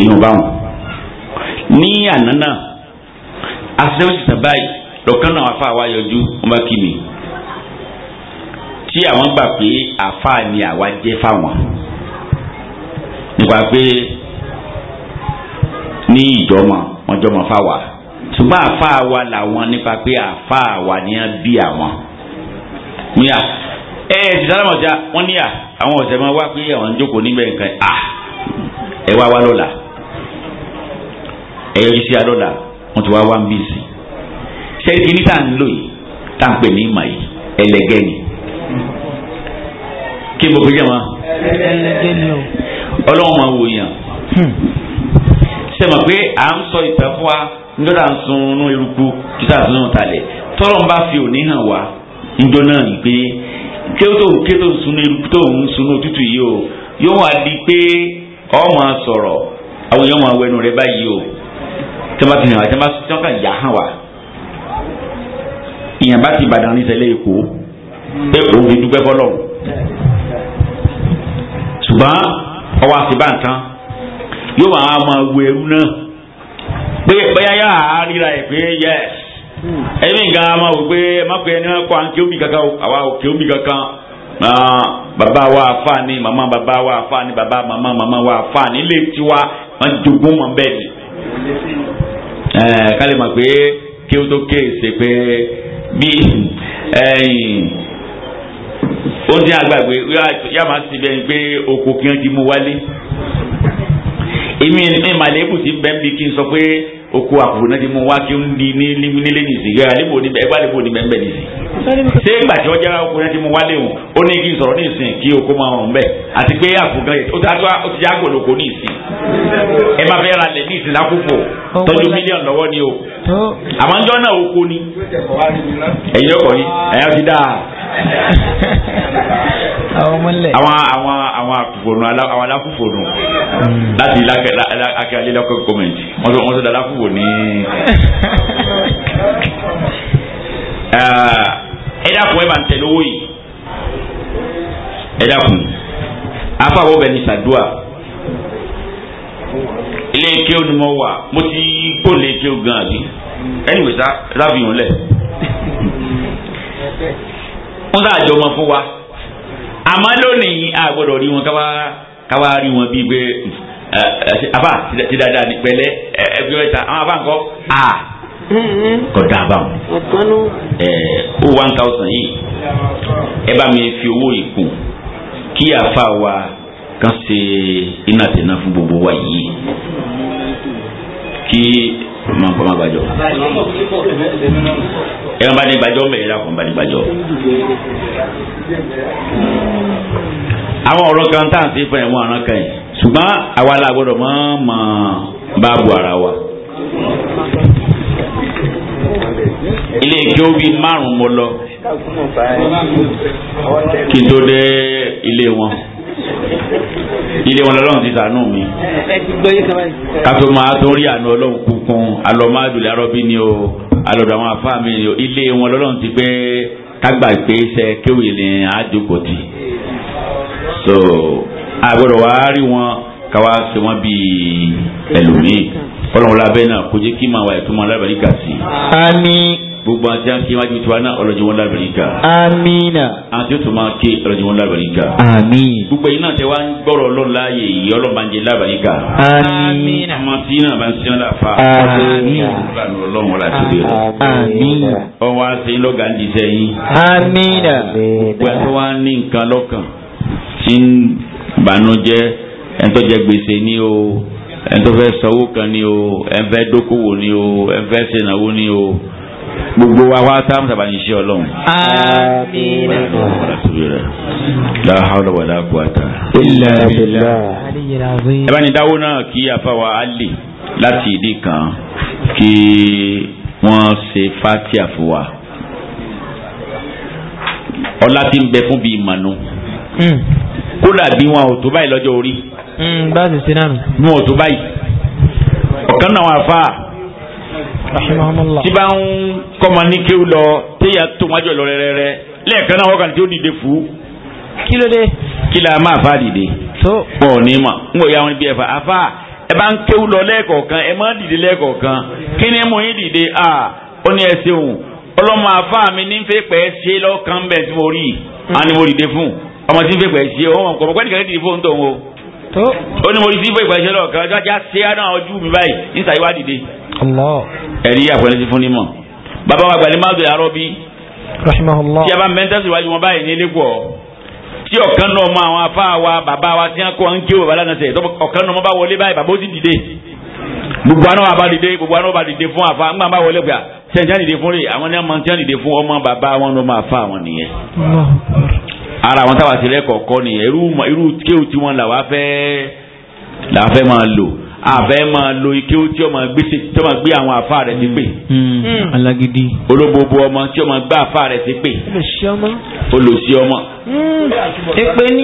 èyí bá wọn. ní àná náà aṣẹ́wó ti tàn báyìí lọ́kàn náà afá wa yọjú wọn bá tí àwọn gbà pé àfa ni àwa jẹ́ fáwọn nípa pé ní ìjọmọ wọn jọmọ fáwa ṣùgbọ́n àfa wa làwọn nípa pé àfa ni wọ́n bí àwọn. níyà ẹ ẹ ti sálámọ̀ ọjà wọ́n níyà àwọn ọ̀sẹ̀ máa wá pé àwọn jókòó níbẹ̀ nǹkan à ẹ wá wá lọ́la ẹ yọjú sí alọ́la wọ́n ti wá wá ń bí sí. ṣé kíní tá à ń lò yìí tá à ń pè ní ìmọ̀ yìí ẹlẹgẹ́ ni kí n bọ̀ pé jẹ́ wọn. ẹlẹgẹ́ ni o. ọlọ́run máa wò yàn. Hmm sẹ́mọ̀ pé à ń sọ ìtàn fún wa níjọ́dá ń sun inú eruku títà sínú talẹ̀ tọ́lọ̀ ń bá fi òní hàn wá níjọ́ náà yìí pé kéwòtò kéwòtò sunu eruku tó ń sunu òtútù yìí o yóò wá di pé ọmọ sọ̀rọ̀ àwọn èèyàn máa wẹnu rẹ báyìí o tí ti hàn wá tí wọ́n kàn yà hàn wá ìyàn bá ti Ìbàdàn ní ṣẹlẹ̀ Èkó pé òun fi dúpẹ́ fọlọ́run ṣùgbọ́n ọwọ́ àti bá ń yóò wá máa wo ẹrú náà pé bóyá yà á ríra ẹ̀ pé yẹs ẹ̀mí nǹkan a máa wò pé ẹ má pé ẹni náà kọ́ à ń kí omi kankan àwa ò kí omi kankan bàbá wa àfààní màmá bàbá wa àfààní bàbá màmá màmá wa àfààní ilé tiwa wọn jogún mọ bẹ́ẹ̀ ni kálí mọ̀ pé kí o tó kéèsè pé bí oúnjẹ àgbàgbé yá máa ti bẹ́ẹ̀ ni pé oko ti mú wálé èmi ní màlẹ́bù ti bẹ́ẹ̀ bí kí n sọ pé oko àpò náà ti mú wá kí n di nílé nìsí gẹ́gẹ́ àlébò ní bẹ́ẹ̀ gbàlébò ní bẹ́ẹ̀ nìsí. ṣé ìgbà tí wọ́n jára oko náà ti mú wá léwu ó ní kí n sọ̀rọ̀ nísìn kí oko máa rùn bẹ́ẹ̀ àti pé àpò gan ó ti yá gòlò kò ẹ máa fẹ́ ra lẹ̀ nísìn lákòókò tọ́jú mílíọ̀nù lọ́wọ́ ni o. àmọ́ ń jọ́nà oko ni. ẹ̀yin ọkọ̀ yìí ẹ̀yin ọ àwọn ọmọlẹ. àwọn àwọn àwọn akufonu àwọn alakufonu hmm. láti akẹ́lẹ́ lọ́kọ̀ gọ́mẹ̀ntì wọ́n sọ wọ́n sọ dalakufo ní. ẹ dákun ẹ máa ń tẹ̀lé owó yìí ẹ dákun afáwọ́ bẹ̀ ní sàdúà ilé kéwù ni mo wà mo ti kó lè kéwù gan àbí ẹni wèsà rábìyàn lẹ̀ wọ́n sáà jọ ọmọ fún wa àmọ́ lónìí àgbọ̀dọ̀ rí wọn káwá rí wọn bíi pé àbá ti dáadáa ní pẹ̀lẹ́ ẹgbẹ́ mẹ́ta àwọn àbá nǹkan à kọ̀dá àbá wọn. ó one thousand yìí ẹ bá mi fi owó yìí kù kí àfa wa kan ṣe iná tẹ̀ná fún gbogbo wa yìí kí máa kọ́ máa gbàjọ. ẹ máa ní gbàjọ mẹ́rin lákọ̀ọ́ máa ní gbàjọ. àwọn ọ̀rọ̀ kan tá à ń sí fún ẹ̀wọ̀n àrán kan yìí ṣùgbọ́n àwa la gbọ́dọ̀ mọ́ mọ́ báàbù ara wa. ilé ìjọ bíi márùn mo lọ kí n tó dé ilé wọn ilé wọn lọ́lọ́run ti sànú mi. kátó máa tó rí àánú ọlọ́run kúnkún alọ́mádùn lárọ́bí ni o alọ́dọ̀ àwọn afá mi ni o ilé wọn lọ́lọ́run ti pé kágbà pé iṣẹ́ kéwì ni àjòkòtì. so àgbọ̀dọ̀ wá rí wọn káwá ṣe wọn bíi ẹlòmíì kọ́lọ́run lábẹ́ náà kó jẹ́ kí màá wà ẹ̀túnmọ́ alábàáríkà sí. àmín gbogbo àti àti iwájú tiwa náà ọlọ́jọ́ wọn lálùbáríkà. amiina. àti yóò tún máa ké ọlọ́jọ́ wọn lálùbáríkà. àmín. gbogbo yìí náà tẹ wá ń gbọ́rọ̀ ọlọ́run láàyè yìí ọlọ́run ń jẹ lálùbáríkà. amiina. ọmọ tí náà bá ń sin ọ́nà fa. amiina. ọlọ́run ọ̀la ti bẹ̀rẹ̀. amiina. ọwọ́ àti lọ́gà ń disẹ́ yín. amiina. gbogbo àti wá ní nǹkan lọ́kàn tí ń bànújẹ́ ẹ̀ńtọ́jẹ gbèsè ni o ẹ̀ńtọ́fẹ́ sanwó kan ni o ẹ̀ńfẹ́ dókòwò ni o ẹ̀ńfẹ́ sènàwó ni o gbogbo wa wa tá a sábà ń ṣe ọlọ́run. amiina. la hawla wala quwwata. illa billah. ẹ bá ní dáwó náà kí afáwa ali láti ìdí kan kí wọ́n ṣe fatia fún wa. ọlá ti ń bẹ fún bíi ìmọ̀nù. Hmm. kódà bí wọn ò tó báyìí lọ́jọ́ orí. Hmm, bá a sì ṣe náà wọn ò tó báyìí. ọ̀kan náà wà fáà tí bá ń kọ́mọ ní kéwù lọ téèyàn tó wájú lọ rẹ́rẹ́rẹ́ lẹ́ẹ̀kan náà wọ́n kàn tí ó dìde fún. kí ló dé. kí la máa fa dìde. tó pọ̀ ní ma n kò yà wọn bí ẹ fa afa ẹ bá ń kéwù lọ lẹ́ẹ̀kọ̀ọ̀kan ẹ má dìde lẹ́ẹ̀kọ̀ọ̀kan kí ni mo yín dìde a ó ní ẹ ṣeun ọlọ́mọ afa mi ní fẹ́ pẹ́ ṣe lọ́kàn bẹ́ẹ̀ tí mo rí hmm. a ni mo dìde fún ọmọ tí ń fẹ́ pẹ́ ṣe ọmọ kọ̀ọ̀kan pẹ́ ẹ̀rí àpẹẹrẹ ti fún ní mọ̀ bàbá wa gbàlẹ́ máa bẹ̀rẹ̀ arọ́ bí tí a bá mẹ́ta síwájú wọn báyìí ní ilékọ́ tí ọ̀kan náà mọ àwọn afá wa bàbá wa tí wọn kọ́ ń kí wọn bàlá náà sẹ̀ ọ̀kan náà mọ bá wọlé báyìí bàbá ó ti dìde gbogbo àná wa bá dìde gbogbo àná wa dìde fún àfa ńgbà bá wọlé gbà sẹ̀ńtẹ́ dìde fún rè àwọn náà máa ń tẹ́ fún ọmọ bàbá wọn ló àfẹ́ máa lo ike tí ó máa gbé tí ó máa gbé àwọn àfa rẹ̀ sí pè. Hmm. Hmm. alágídí. olóbobo ọmọ tí ó máa gbá àfa rẹ̀ sí pè. olùsí ọmọ. olùsí ọmọ. èpè hmm. ní.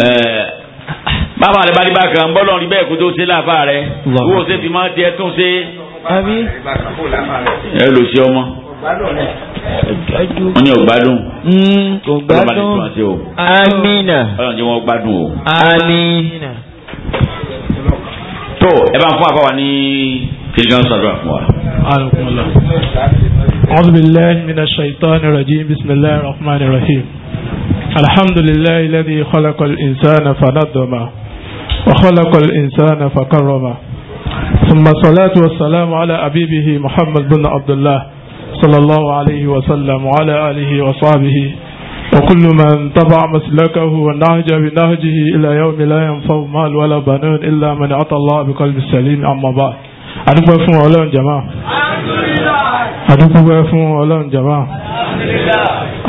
bàbá rẹ̀ bá ní bákan bọ́lọ̀ rí bẹ́ẹ̀ kó tó ṣe láfa rẹ̀ wọ́n ṣe ti máa tiẹ̀ tún ṣe. àbí. ẹ olùsí ọmọ. wọ́n ní ọ̀gbádùn. ọ̀gbádùn. amina. ọlọ́run jẹ́ wọ́n gbádùn o. amina tó ẹ bá ń fún àbáwá ní kìlìkan sàdúrà fún wa. أعوذ بالله من الشيطان الرجيم بسم الله الرحمن الرحيم الحمد لله الذي خلق الإنسان فنظمه وخلق الإنسان فكرمه ثم الصلاة والسلام على أبيبه محمد بن عبد الله صلى الله عليه وسلم وعلى آله وصحبه وكل من تبع مسلكه ونهج بنهجه إلى يوم لا ينفع مال ولا بنون إلا من أتى الله بقلب سليم أما بعد adúpẹ́ fún ọlọ́run jama adúpẹ́ fún ọlọ́run jama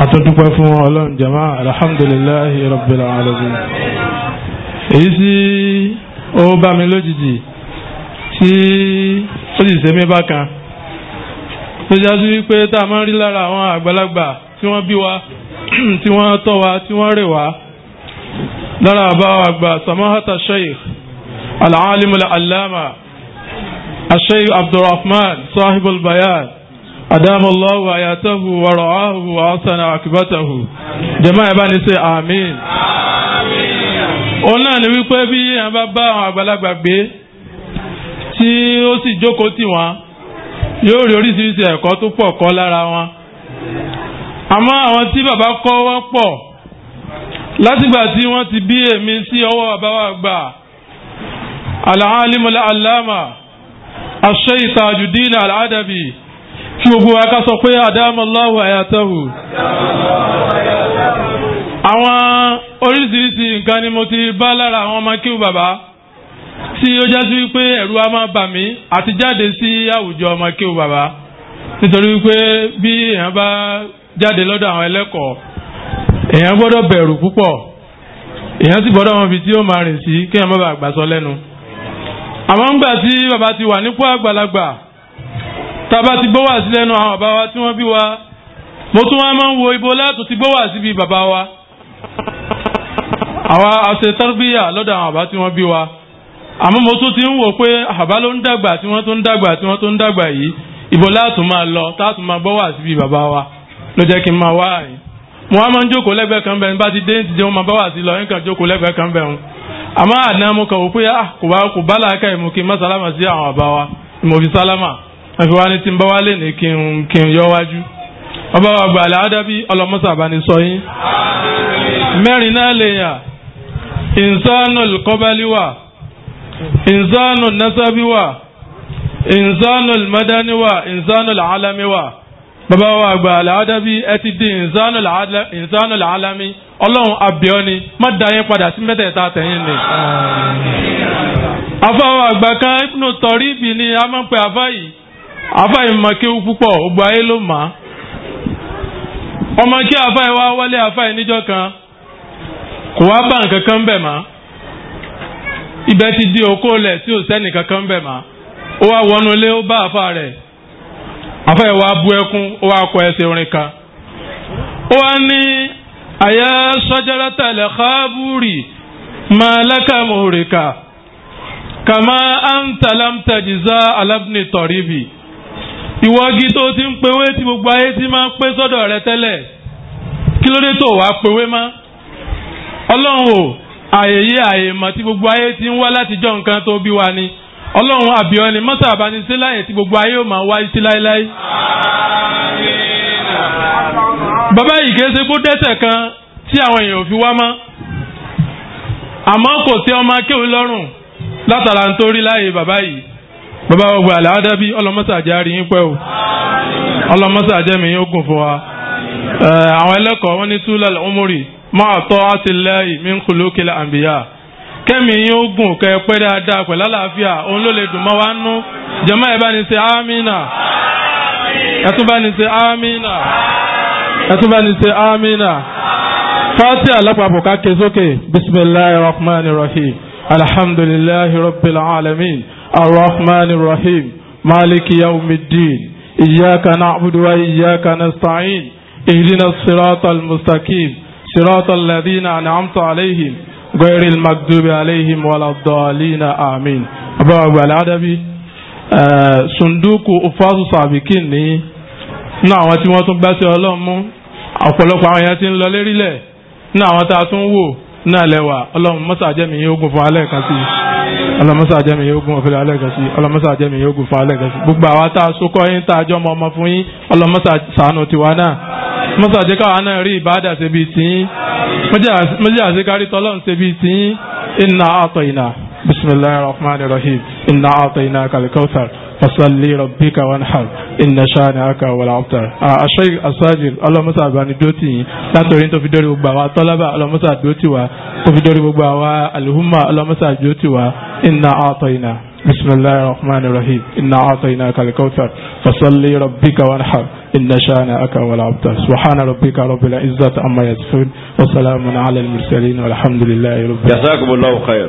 atọ́dúpẹ́ fún ọlọ́run jama alhamdulillahi rabbil alamin èyí sí ó bá mi lójijì tí ó sì ṣe mí bákan tó jásí wípé tá a máa ń rí lára àwọn àgbàlagbà tí wọ́n bí wa tí wọ́n tọ́ wa tí wọ́n rè wa lára àbáwá àgbà samahata sheikh al-alim al-allama الشيخ عبد الرحمن صاحب البيان أدام الله آياته ورعاه وأحسن عاقبته جماعة بني سي آمين òun náà ni wípé bí èèyàn bá bá àwọn àgbàlagbà gbé tí ó sì jókòó tì yóò rí oríṣiríṣi ẹ̀kọ́ tó pọ̀ kọ́ lára wọn àmọ́ àwọn tí bàbá kọ́ wọ́n pọ̀ látìgbà tí wọ́n ti bí èmi sí ọwọ́ bàbá wa gbà alhaalimul alama aṣẹ́yì tajudeen aladabi tí gbogbo wa ká sọ pé adamallahu ayatahu àwọn oríṣiríṣi nǹkan ni mo ti bá lára àwọn ọmọ kíw bàbá tí ó jásí wípé ẹ̀rù a máa bà mí àti jáde sí àwùjọ ọmọ kíw bàbá nítorí wípé bí èèyàn bá jáde lọ́dọ̀ àwọn ẹlẹ́kọ̀ọ́ èèyàn gbọ́dọ̀ bẹ̀rù púpọ̀ èèyàn sì gbọ́dọ̀ wọn fi tí ó máa rìn sí kí èèyàn má bàa gbà sọ lẹ́nu. àwọn ńgbà tí bàbá ti wà nípò àgbàlagbà tàbá ti gbówà sí lẹ́nu àwọn bàbá wa tí wọ́n bí wa mo tún wá máa ń wo ibo látò ti gbówà síbi bàbá wa àwa àṣẹ tarbíyà lọ́dọ̀ àwọn bàbá tí wọ́n bí wa àmọ́ mo tún ti ń wò pé àbá ló ń dàgbà tí wọ́n tó ń dàgbà tí wọ́n tó ń dàgbà yìí ìbò láàtún máa lọ táàtún máa gbọ́ wà síbi bàbá wa ló jẹ́ kí n máa wá àyìn mo wá máa ń jókòó lẹ́gbẹ̀ẹ́ kan bẹ́ẹ̀ bá ti dé ti jẹun máa bá wà sí lọ nǹkan jókòó lẹ́gbẹ̀ẹ́ kan bẹ́ẹ̀ hun àmọ́ àná mo kàn wò pé ah, kò bá kò bá làákà ìmọ̀ kí n má sálámà sí àwọn bàbá wa ìmọ̀ fi sálámà àfi wá ní tí n bá wá lè ní kí n kí n yọ wájú bàbá wa gbà láàdá bí ọlọmọsà bá sọ yín mẹ́rin náà lè yàn kọ́bálíwà ìnsánù násábíwà ìnzánul madani wa ìnzánul alami wa bàbá wa àgbà aláàdábí ẹ ti di ìnzánul alami ọlọ́run abiọ́ni má da yín padà sí mẹ́tẹ̀ẹ̀ta tẹ̀yìn ni. afáwọn àgbà kan ibnu tọ́ríbì ni a máa ń pe afá yìí afá yìí mọ̀ kéwú púpọ̀ gbogbo ayé ló mà á. ọmọ kí afá wá wálé afá yìí kan kò wá bá nǹkan kan bẹ̀ mọ́ ibẹ̀ ti di òkó lẹ̀ tí ò sẹ́nì kankan bẹ̀ mọ́ ó wá wọnú ilé ó bá àfa rẹ̀ àfa ẹ̀ wá bú ẹkún ó wá kọ ẹsẹ̀ orin kan ó wá ní àyà shajarata lakhaburi màlákà mòrìkà kàmá anta lam tajza alábìnrin tọ̀ríbì ìwọ́gi tó ti ń pewé tí gbogbo ayé ti máa ń pé sọ́dọ̀ rẹ tẹ́lẹ̀ kí ló dé tó wàá pewé má ọlọ́run o àyè yé àyè mọ̀ tí gbogbo ayé ti ń wá látijọ́ nǹkan tó bí wa ni ọlọ́run àbíọ́ ni mọ́tà àbáni sí láyé tí gbogbo ayé ò máa wáyé sí láéláé. bàbá yìí kìí ṣe gbó dẹ́ṣẹ̀ kan tí àwọn èèyàn ò fi wá mọ́ àmọ́ kò sí ọmọ akéwì lọ́rùn látara ń torí láyé bàbá yìí bàbá gbogbo àlàáda bí ọlọ́mọ́sà jẹ́ àrí yín pẹ́ o ọlọ́mọ́sà jẹ́ mi yín ogun fún wa àwọn ẹlẹ́kọ̀ọ́ wọn ní túlẹ̀ ọmọrì máa tọ́ àtìlẹ́yìn min khuluqil anbiya kẹ́mi yín ó gùn kẹ́ pẹ́ dáadáa pẹ̀lú àlàáfíà òun ló lè dùn mọ́ wa nú jẹ́mọ́ ẹ̀ bá ní ṣe ámínà ẹ̀ bá ní ṣe ámínà ẹ̀ bá ní ṣe ámínà. fásitì alápapọ̀ ká ké sókè bismillahir rahmanir rahim alhamdulillahi rabbil alamin arrahmanir rahim maliki yawmiddin iyyaka na'budu wa iyyaka nasta'in ihdina siratal mustaqim siratal ladhina an'amta alayhim. غير المكذوب عليهم ولا الضالين آمين أبا أبو العدبي صندوق أفاظ سابقين náà àwọn tí wọ́n tún gbá sí ọlọ́run mú ọ̀pọ̀lọpọ̀ àwọn èèyàn ti ń lọ lérílẹ̀ náà àwọn tá a tún wò náà lẹ́wà ọlọ́run mọ́sà yóò gùn fún alẹ́ kan sí ọlọ́run mọ́sà jẹ́mi yóò gùn fún alẹ́ kan sí ọlọ́run mọ́sà jẹ́mi yóò gùn fún alẹ́ kan sí gbogbo àwa tá a sókọ́ yín tá a jọmọ ọmọ fún yín ọlọ́run mọ́sà tiwa náà mọ́sá jẹ́ káwa náà rí ìbáàdà ṣe bíi tìyín mọ́jẹ́ àṣekárí tọ́lọ́run ṣe bíi tìyín inna a'tayna bismillahir rahmanir rahim inna a'tayna kalikautar fasalli rabbika wanhar inna shani'aka wal abtar àṣẹ àṣájì ọlọ́mọ́sá àbáni dótì yín látòrí tó fi dórí gbogbo àwa tọ́lábà ọlọ́mọ́sá dótì wa tó fi dórí gbogbo àwa àlùhùmà ọlọ́mọ́sá dótì wa inna a'tayna بسم الله الرحمن الرحيم إن أعطيناك الكوثر فصلي ربك وانحر إن شانك ولا أبتر سبحان ربك رب العزة أما يصفون وسلام على المرسلين والحمد لله رب العالمين جزاكم الله خير